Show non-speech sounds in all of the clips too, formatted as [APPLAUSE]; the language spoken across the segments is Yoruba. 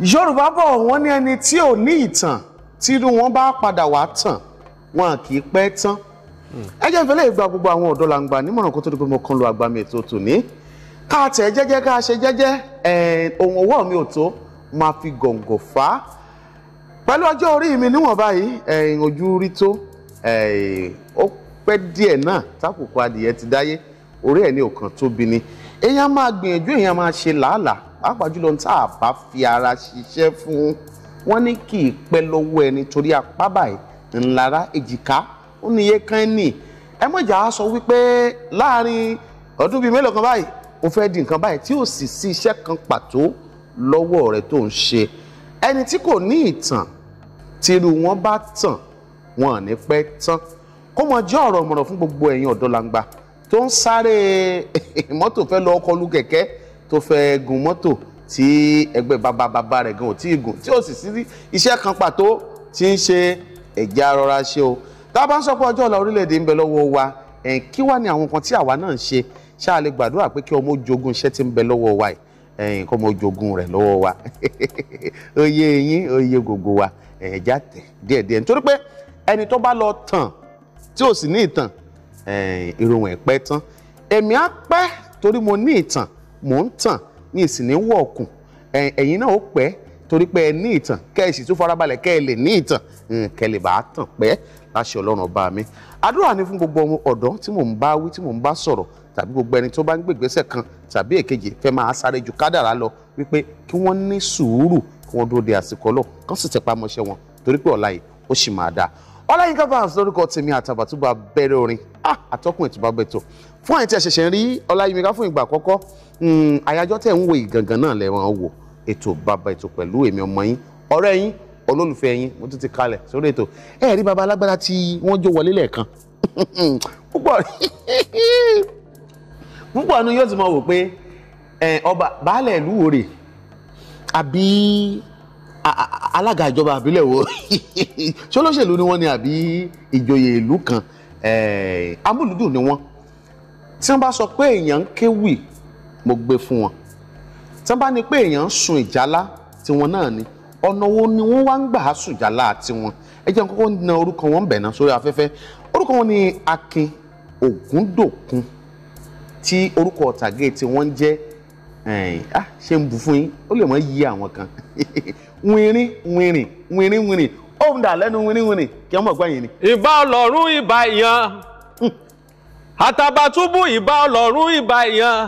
yorùbá bọ̀ wọ́n ní ẹni tí ò ní ìtàn tírú wọn bá padà wá tàn wọn kì í pẹ́ tán ẹ jẹ́ ìfẹ́lẹ́ ìgbà gbogbo àwọn ọ̀dọ́ làǹgbà nímọ̀ràn kó tó di pé mo kàn lu àgbàmì ètò tòní ká tẹ̀ jẹ́jẹ́ ká ṣe jẹ́jẹ́ ohun ọwọ́ mi ò tó máa fi gọ̀ǹgọ̀ fà á pẹ̀lú ọjọ́ orí mi níwọ̀n báyìí ojú rí tó ó pẹ́ díẹ̀ náà tákùkù adìyẹ ti dáyé orí ẹ̀ ní òkàn tóbi ni èèyàn máa gbìyànjú èèyàn máa ṣe làálàá pàápàá jùlọ tá a bá fi ara ṣiṣẹ́ fún wọn ní kì í pẹ́ lọ́wọ́ ẹni torí apá báyìí ńlára èjìká ó níye kan nì ẹ mọ̀jà á sọ wípé láàrin ọdún bíi mélòó kan báyìí ó fẹ́ di nǹkan báyìí tí ò sì sí iṣẹ́ kan pàtó lọ́wọ́ rẹ̀ tó ń ṣe ẹni tí kò ní ìtàn tírú wọn bá tàn wọn ní pẹ́ tán kó mọ jẹ́ ọ̀rọ̀ mọ̀rọ̀ fún gbogbo ẹ̀yin ọ̀dọ́langba tó ń sáré [LAUGHS] mọ́tò fẹ́ lọ kọlù kẹ̀kẹ́ tó fẹ́ gun mọ́tò tí ẹgbẹ́ bàbá bàbá rẹ̀ gan ò tí ì gùn tí ò sì sí iṣẹ́ kan pàtó tí ń ṣe ẹ̀já rọra ṣe o tá a bá ń sọ pé ọjọ́ ọ̀la orílẹ̀-èdè ń bẹ lọ́wọ́ wa kí wá ni àwọn nǹkan tí àwa náà ń ṣe ṣáà lè gbàdúrà pé kí ọmọ ojogun iṣẹ́ tí ń bẹ lọ́wọ́ wa yìí ẹyin kọ́ mọ jogun rẹ̀ lọ́wọ́ wa [LAUGHS] oyè yín oyè gbogbo wa ẹ̀já tẹ̀ díẹ̀díẹ̀ nítorí pé ẹni tó bá lọ tàn tí ò sì ní ìtàn ìròyìn ẹ̀pẹ́ tán èmi á pẹ́ torí mo ní ìtàn mò ń tàn ní ìsìn ní wọ̀ọ̀kùn ẹ̀yin náà ó pẹ́ torí pé ẹ ní ìtàn kẹ́ ẹ sì tún farabalẹ̀ kẹ́ ẹ lè ní ìtàn kẹ́ ẹ lè bá a tàn pẹ́ láṣẹ ọlọ́run ọba mi. àdúrà ni fún gbogbo ọmọ ọ̀dọ́ tí mò ń bá wí tí mò ń bá sọ̀rọ̀ tàbí gbogbo ẹni tó bá ń gbègbésẹ̀ kan tàbí èkejì fẹ́ máa sáré ju kádàrá lọ wípé kí wọ́n ní sùúrù kí wọ́n dúró de àsìkò ọlọ́ kán sì tẹpá mọ́ṣẹ́ wọn torí pé ọ̀la yìí ó sì máa dáa. Ọláyínká Báàsì lórúkọ tèmi àtàbàtúbà bẹ̀rẹ̀ orin àtọ́kùn [LAUGHS] ètò bá bẹ̀tọ̀ fún àyìn tí a ṣẹ̀ṣẹ̀ ń rí ọláyímíkà fún ìgbà àkọ́kọ́ hmm, àyájọ́ tẹ̀ ń wo ìgangan náà lẹ́wọ̀n wò ètò bàbá ètò pẹ̀lú èmi ọmọ yín ọ̀rẹ́ yín olólùfẹ́ yín mo tún ti kalẹ̀ sórí ètò ẹ rí baba alágbára tí wọ́n jó wọlé lẹ́ẹ̀kan [LAUGHS] púpọ̀ [LAUGHS] púpọ̀ nu yóò ti mọ̀ wò pé ọba baálẹ̀ ìlú wo rè àbí alága ìjọba àbílẹ̀ wo ṣolóṣèlú ni wọ́n ní àbí ìjòyè ìlú kan amúlùdùn ni wọ́n tí wọ́n bá sọ pé èèyàn ń kéwì mo gbé fún wọn tí wọ́n bá ní pé èèyàn ń sun ìjálá tiwọn náà ni ọ̀nà wo ni wọ́n wá ń gbà á sun ìjálá tiwọn ẹ jẹ́ kókó na orúkọ wọn bẹ̀ náà sórí afẹ́fẹ́ orúkọ wọn ni Akin Ògúndòkun tí orúkọ ọ̀tàgé tí wọ́n ń jẹ́ ah, ṣe ń bù fún yín ó lè mọ̀ yí àwọn kan [LAUGHS] wìnrin wìnrin wìnrin wìnrin òun dà lẹ́nu wíníwíní kí ọmọ ọgbà yìí ni. ìbà ọlọ́run ìbà ìyàn àtàbàtúbù ìbà ọlọ́run ìbà ìyàn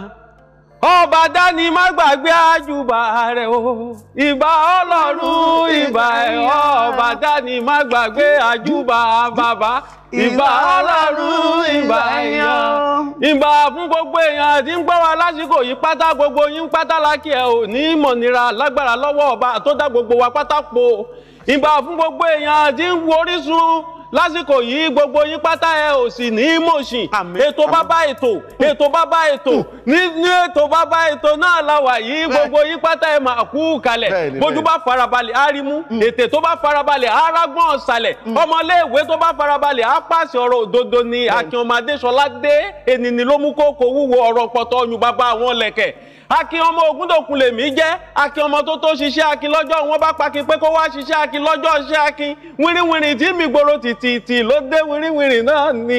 ọba dání má gbàgbé àjùbà rẹ o ìbà Ọlọ́run ìbà ẹ ọba dání má gbàgbé àjùbà bàbá ìbà Ọlọ́run ìbà ẹyàn ìbà fún gbogbo èèyàn àti ń gbọ́ wa lásìkò yìí pátá gbogbo yín pátá lákì ẹ ò ní ìmọ̀nira lágbára lọ́wọ́ ọba tó dá gbogbo wa pátá po ìbà fún gbogbo èèyàn àti ń wo Orísun lásìkò yìí gbogbo yín pátá ẹ ò sì ní mòṣìn ètò bàbá ètò ètò bàbá ètò ní ètò bàbá ètò náà la wà yìí gbogbo yín pátá ẹ máa kú kalẹ̀ bójú bá farabalẹ̀ árímú mm. ètè tó bá farabalẹ̀ arágbọ́n ọ̀sàlẹ̀ mm. ọmọléèwé tó bá farabalẹ̀ apáṣẹ ọ̀rọ̀ òdodo ni akínọmọdé sọlá ènìní ló mú kókó wúwo ọ̀rọ̀ pọ̀tọ́ ọyún bàbá àwọn lẹ̀kẹ̀ akin ọmọ Ògúndòkun lèmi jẹ́ akin ọmọ tó tó ṣiṣẹ́ akin lọ́jọ́ wọn bá pakin pé kó wá ṣiṣẹ́ Aki lọ́jọ́ ṣiṣẹ́ akin wìrìwìrì tí mi gbòòrò tìtìtì ló dé wìrìwìrì náà ni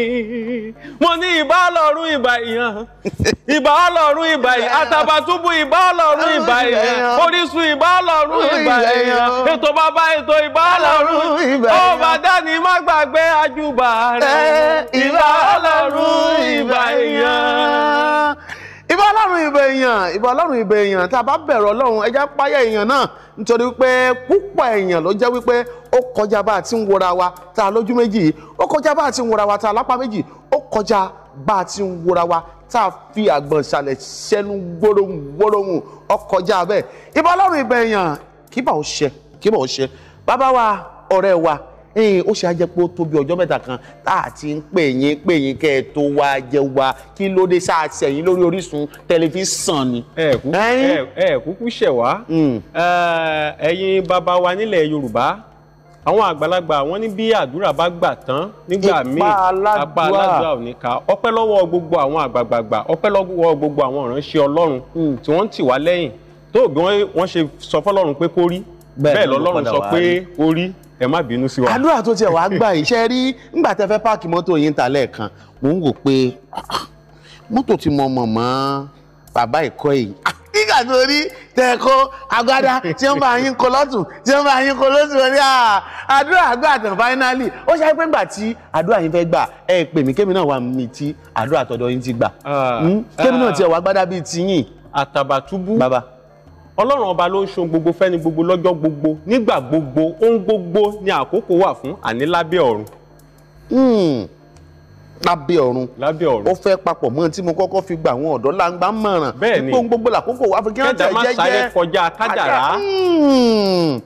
mo ní ìbà ọlọ́run ìbà ìyàn ìbà ọlọ́run ìbà ìyàn àtàbàtúbù ìbà ọlọ́run ìbà ìyàn orísun ìbà ọlọ́run ìbà ìyàn ètò bàbá ètò ìbà ọlọ́run ọba dání má gbàgbé àjùbà rẹ̀ èèyàn ìbẹ̀ ọlọ́run ìbẹ̀ èèyàn tá a bá bẹ̀rù ọlọ́run ẹja páyà èèyàn náà nítorí wípé púpọ̀ èèyàn ló jẹ́ wípé ó kọjá bá a ti ń wora wa tá a lójú méjì ó kọjá bá a ti ń wora wa tá a lápá méjì ó kọjá bá a ti ń wora wa tá a fi àgbọ̀n ṣàlẹ̀ ṣẹ́nu gbórohùn ó kọjá bẹ́ẹ̀ ìbẹ̀ ọlọ́run ìbẹ̀ èèyàn kíbà ó ṣe kíbà ó ṣe bàbá wa ọ̀rẹ́ wa ẹ̀yin ó ṣe ajẹpọ tó bí ọjọ́ mẹ́ta kan tá a ti ń pè yín pè yín kẹ́ ẹ tó wá jẹ wá kí ló dé sáà sẹ́yìn lórí Orísun tẹlifíṣàn ni. ẹ ẹ kúkú ṣẹ̀ wá hmm. ẹ̀yin bàbá wa nílẹ̀ Yorùbá àwọn àgbàlagbà wọ́n ní bí àdúrà bá gbà tán nígbà míì apá aládùúrà ò ní ká ọpẹ́ lọ́wọ́ gbogbo àwọn àgbàgbàgbà ọpẹ́ lọ́wọ́ gbogbo àwọn ìránṣẹ́ Ọlọ́run hmm. tí wọ́n ń wá lẹ́yìn tó bí wọ́n ṣe sọ fọ́lọ́run pé kó rí bẹ́ẹ̀ lọ́lọ́run sọ pé ó rí ẹ má bínú sí wa. àdúrà tó tiẹ̀ wàá gbà yìí ṣe rí nígbà tẹ́ fẹ́ páàkì mọ́tò yìí ń ta lẹ́ẹ̀kan mò ń wò pé ah, ah, mọ́tò mo mọ̀ mọ́ bàbá ìkọ́ yìí ah, nígbà tó rí tẹ̀kọ́ agbádá tí wọ́n bá yín kọ lọ́tún tí wọ́n bá yín kọ lọ́tún rí àdúrà àgbà tán fáínálì ó ṣe pé ńgbà tí àdúrà ti gbà hmm? kémi náà tiẹ̀ gbádá bíi tiyín. ọlọ́run ọba ló ń ṣohun gbogbo fẹ́ni gbogbo lọ́jọ́ gbogbo nígbà gbogbo ohun gbogbo ni àkókò wà fún àní lábẹ́ ọ̀run. Hmm. lábẹ́ ọ̀run ó fẹ́ papọ̀ mọ́ tí mo kọ́kọ́ fi gba àwọn ọ̀dọ́ láǹgbá mọ̀ràn bẹ́ẹ̀ni ohun gbogbo làkókò wà fún kí wọ́n tẹ̀ jẹ́jẹ́ kẹ́dà má kọjá kádàrá hmm.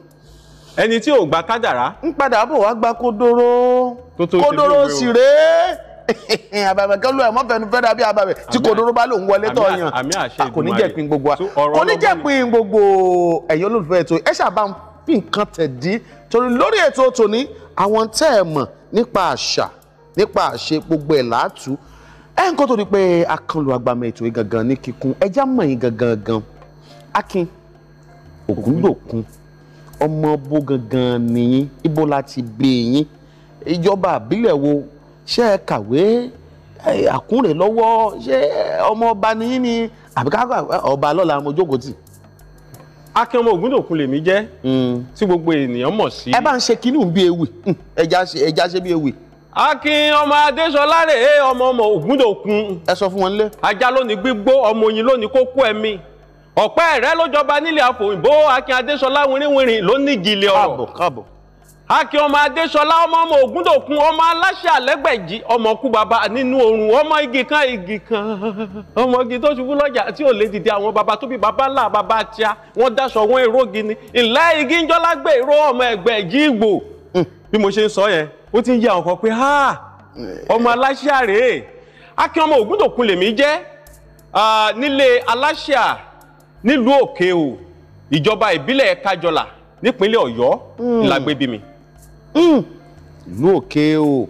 ẹni tí ò gba kádàrá. ń padà bọ̀ wá gba kódóró kódóró sì rèé. [LAUGHS] àbàbẹ̀ kan ló ẹ̀ mọ́fẹ́nu fẹ́ dàbí àbàbẹ̀ tí kò dúró bá lòun wọlé tọ̀ yan kò ní jẹ̀pin gbogbo wa kò ní jẹ̀pin gbogbo ẹ̀yin olólùfẹ́ ètò ẹ̀ ṣàbá ń fi nǹkan tẹ̀dí torí lórí ètò tòní àwọn tẹ́ ẹ̀ mọ̀ nípa àṣà nípa àṣe gbogbo ẹ̀ láàtú ẹ̀ ń kó tó di pé akànlò àgbàmọ̀ ètò yìí gangan ní kíkún ẹja mọ̀ yín gangan gan akin ògúndòkun ọmọ bó gangan nìyí ibo la ti yín ìjọba àbílẹ̀ wo ṣé ẹ kàwé àkúnrè lọ́wọ́ ṣé ọmọ ọba nìyí ni àbí ká ọba lọ́la mo jókòó tì. akin ọmọ ògúndòkun lèmi jẹ́ hmm. tí gbogbo ènìyàn mọ̀ sí. ẹ bá ń ṣe kínú bí ewì hmm, ẹja ṣe bí ewì. akin ọmọ adéṣọlá rè é ọmọ ọmọ ògúndòkun. ẹ sọ fún wọn nílé. ajá lónìí gbígbó ọmọ oyin lónìí kókó ẹ̀mí ọ̀pẹ́ rẹ ló jọba àfòyìnbó akin adéṣọlá wìrìwìrì ló ní ìjìnlẹ̀ ọ̀rọ̀. káàbọ̀ káàbọ̀ akin ọmọ adéṣọlá ọmọ ọmọ ògúndòkun ọmọ aláṣẹ àlẹgbẹjì ọmọ kú bàbá nínú oòrùn ọmọ igi kan igi kan ọmọ igi tó ṣubú lọ́jà tí ò lè dìde àwọn baba tó baba ńlá baba tíá wọn daṣọ wọn èrò gini ìlà igi ńjọlá gbé ìró ọmọ ẹgbẹjì ìgbò hmm, bí mo ṣe ń sọ yẹn ó ti ń yà ọkọ pé ha ọmọ aláṣẹ àrè akin ọmọ ògúndòkun lèmi jẹ́ nílé aláṣẹ nílùú òkè o ìjọba ìbílẹ̀ kájọlà nípínlẹ̀ ọ̀yọ́ hmm. làgbébí mi. Mm. Hmm. ìlú òkè o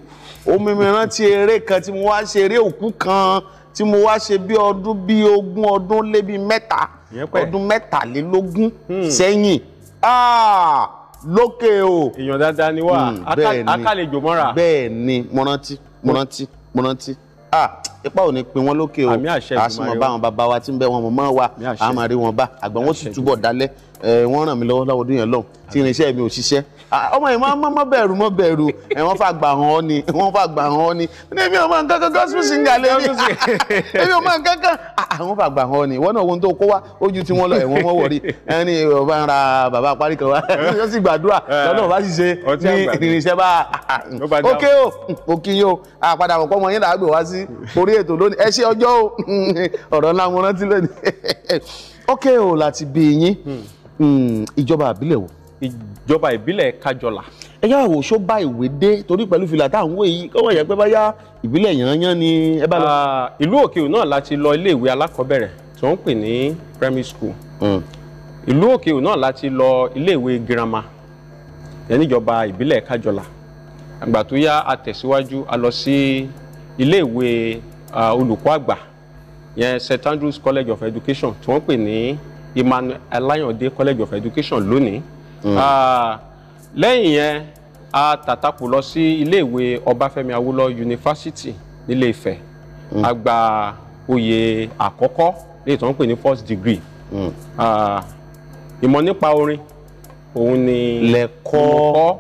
omi mìíràn ti eré kan tí mo wá ṣe eré òkú kan tí mo wá ṣe bí ọdún bí ogún ọdún lé bí mẹ́ta ọdún mẹ́tàlélógún hmm. sẹ́yìn ah! lókè o. èèyàn dáadáa ni wá hmm, akálejò mọ́ra. bẹ́ẹ̀ ni mo rántí mo rántí mo rántí ah! ipa ò ní pin wọn lókè o a sì mọ bá àwọn bàbá wa tí ń bẹ wọn mọ mọ wa a wọn bá àgbà wọn sì túbọ̀ dalẹ̀ eh, wọ́n ràn mí lọ́wọ́ láwọn yẹn lọ́hùn tí irinṣẹ́ mi ò ṣiṣẹ́ ọmọ yìí máa mọ́ bẹ̀rù mọ́ bẹ̀rù ẹ̀ wọ́n fà gbà hàn ọ́ ni wọ́n fà gbà hàn ọ́ ni ẹ̀mí ọmọ nǹkan kan gospel singer lé ní ẹ̀mí [LAUGHS] ọmọ nǹkan kan àwọn ah, ah, fà gbà hàn ọ́ ni ìwọ náà ohun tó kó wá ojú tí wọ́n lọ ẹ̀wọ̀n wọ́n wọ̀rí ẹni ọba ń ra bàbá parí kan wá [LAUGHS] yóò sì gbàdúrà lọ́nà bá sì ṣe ní irinṣẹ́ bá ah, ókè o òkì yín o àpadà àkọ́kọ́ ọmọ yín là á gbé wá sí orí ètò lónìí ẹ ṣe ọjọ́ o [LAUGHS] ọ̀rọ̀ o láti bí yín hmm. Hmm, ìjọba àbílẹ̀ wò ìjọba ìbílẹ̀ kájọlà. ẹ yá wò ṣó bá ìwé dé torí pẹ̀lú fìlà tá à ń wé yìí kọ́wọ́ yẹn pé báyá ìbílẹ̀ yànyán ni ẹ bá lọ. ìlú òkèèrè náà láti lọ iléèwé alákọ̀ọ́bẹ̀rẹ̀ tó ń pè ní primary school. Hmm. ìlú òkèèrè náà láti lọ iléèwé girama yẹn níjọba ìbílẹ̀ kájọlà. àgbà tó yá a tẹ̀síwájú a lọ sí iléèwé olùkọ́ àgbà yẹn St Andrews College of Education tí wọ́n pè ní Emmanuel Alayande College of Education lónìí Mm. Ah, lẹ́yìn yẹn a tàtàkù lọ sí iléèwé Ọbáfẹ́mi Awólọ́ yunifásitì nílé Ifẹ̀ mm. a gba oyè àkọ́kọ́ léyìí tó ń pè ní first degree mm. ah, ìmọ̀ nípa orin òun ni lẹ́kọ́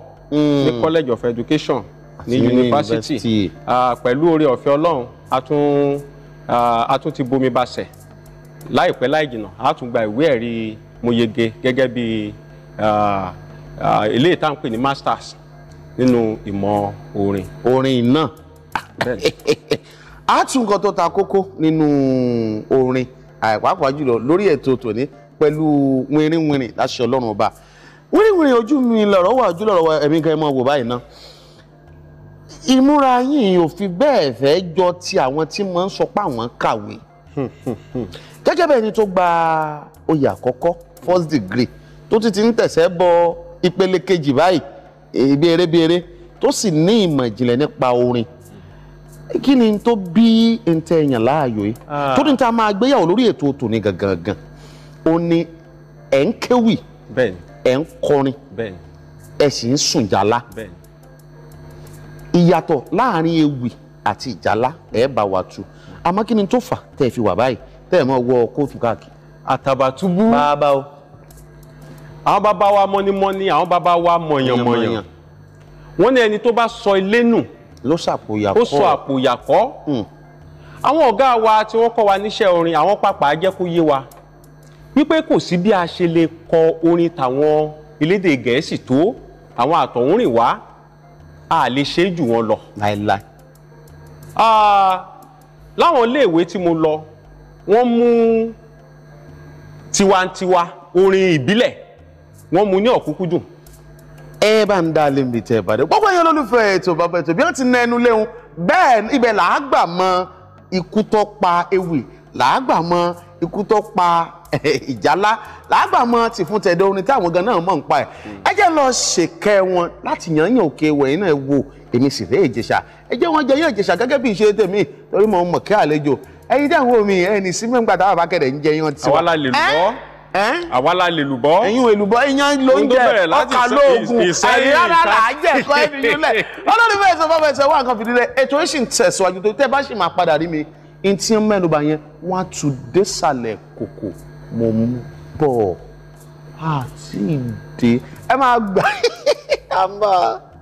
ní college of education ní yunifásitì ah, pẹ̀lú oore ọ̀fẹ́ ọlọ́run a tún a tún ti bomi basẹ̀ láìpẹ́ láì jìnnà a tún gba ìwé ẹ̀rí mo yege gẹ́gẹ́ bí eléyìí ah, ah, tá à ń pè ní masters nínú ìmọ̀ orin. orin náà [LAUGHS] a tún nǹkan tó ta kókó nínú orin àìpàápàá jùlọ lórí ètò tòní pẹ̀lú wínrínwínrin láṣẹ ọlọ́run ọba wínrínwínrin ojú mi lọ̀rọ̀ wà ojú lọ̀rọ̀ ẹ̀mí kan ẹ̀ mọ́ wò báyìí ná ìmúra yìí ò fi bẹ́ẹ̀ fẹ́ jọ ti àwọn tí wọ́n ń sọ pé àwọn kàwé [LAUGHS] gẹ́gẹ́ bẹ́ẹ̀ ni tó gba oyè àkọ́kọ́ first degree tó ti ti ń tẹ̀sẹ̀ bọ ìpele kejì báyìí ìbéèrèbéèrè eh, tó sì ní ìmọ̀ ìjìnlẹ̀ nípa orin kí ni tó bí n tẹ èèyàn láàyò yìí ah. tó ní ta máa gbéyàwó lórí ètò tòní gangan ó ní ẹ̀ ń kéwì ẹ̀ ń kọrin ẹ̀ sì ń sùn jàlá ìyàtọ̀ láàrin ewì àti ìjàlá ẹ̀ bá wa tu àmọ́ kí ni tó fà tẹ́ fi wà báyìí tẹ́ mọ́ wọ kóòtù káàkiri. Àtàbàtúbú bá àwọn bàbá wa mọ́nímọ́ní àwọn bàbá wa mọ̀yànmọ̀yàn wọ́n ní ẹni tó bá sọ ilé nù ló ṣàpòyàkọ́ ó sọ àpòyàkọ́ hmm. àwọn ọ̀gá wa tí wọ́n kọ́ wa níṣẹ́ orin àwọn pàpà jẹ́ kó yé wa wípé kò sí bí a ṣe lè kọ orin tàwọn elédè gẹ̀ẹ́sì tó àwọn àtọ̀húnrìn wá a lè ṣe jù wọn lọ. láwọn iléèwé tí mo lọ wọ́n mú tiwantiwa orin ìbílẹ̀ wọ́n mu ní ọ̀kúnkúndùn ẹ bá ń dá lé mi tẹ́ ẹ bá dé gbogbo ẹ̀yin olólùfẹ́ ètò bàbá ètò bí wọ́n ti na ẹnu léhun bẹ́ẹ̀ ibẹ̀ làá gbà mọ ikú tó pa ewì làá gbà mọ ikú tó pa eh, ìjálá làágbà mọ tìfún tẹ̀dọ̀ orin táwọn gan náà mọ̀ ń pa ẹ̀ ẹ jẹ́ lọ ṣèkẹ́ wọn láti yànyàn òkè wẹ̀yìn náà wo èmi sì rẹ́ ìjẹ̀ṣà ẹ jẹ́ wọn jẹ yàn ìjẹ̀ṣà gẹ́gẹ́ bí ìṣe tèmi torí mo mọ̀ kí àlejò ẹ̀yin dáhùn omi ẹni sí mẹ́ngbà táwọn abákẹ́rẹ́ ń jẹ yan tiwa. àwa la lè lọ àwa la lè lùbọ́. ẹ̀yin èlùbọ́ iyán ló ọkà lóògùn àìrárá là ẹ̀kọ́ ẹ̀fí nílẹ̀ [LAUGHS] ọlọ́run fẹ́ẹ́ sọ fọ́fẹ́ sọ wá nǹkan fìdílé ètò yìí tẹ̀síwájú tó tẹ́ bá sì máa padà rí mi n tí ń mẹ́nuba yẹn wọ́n á tún désàlẹ̀ kòkò mò ń bọ̀ àti ìdè ẹ máa gbà á [LAUGHS] máa.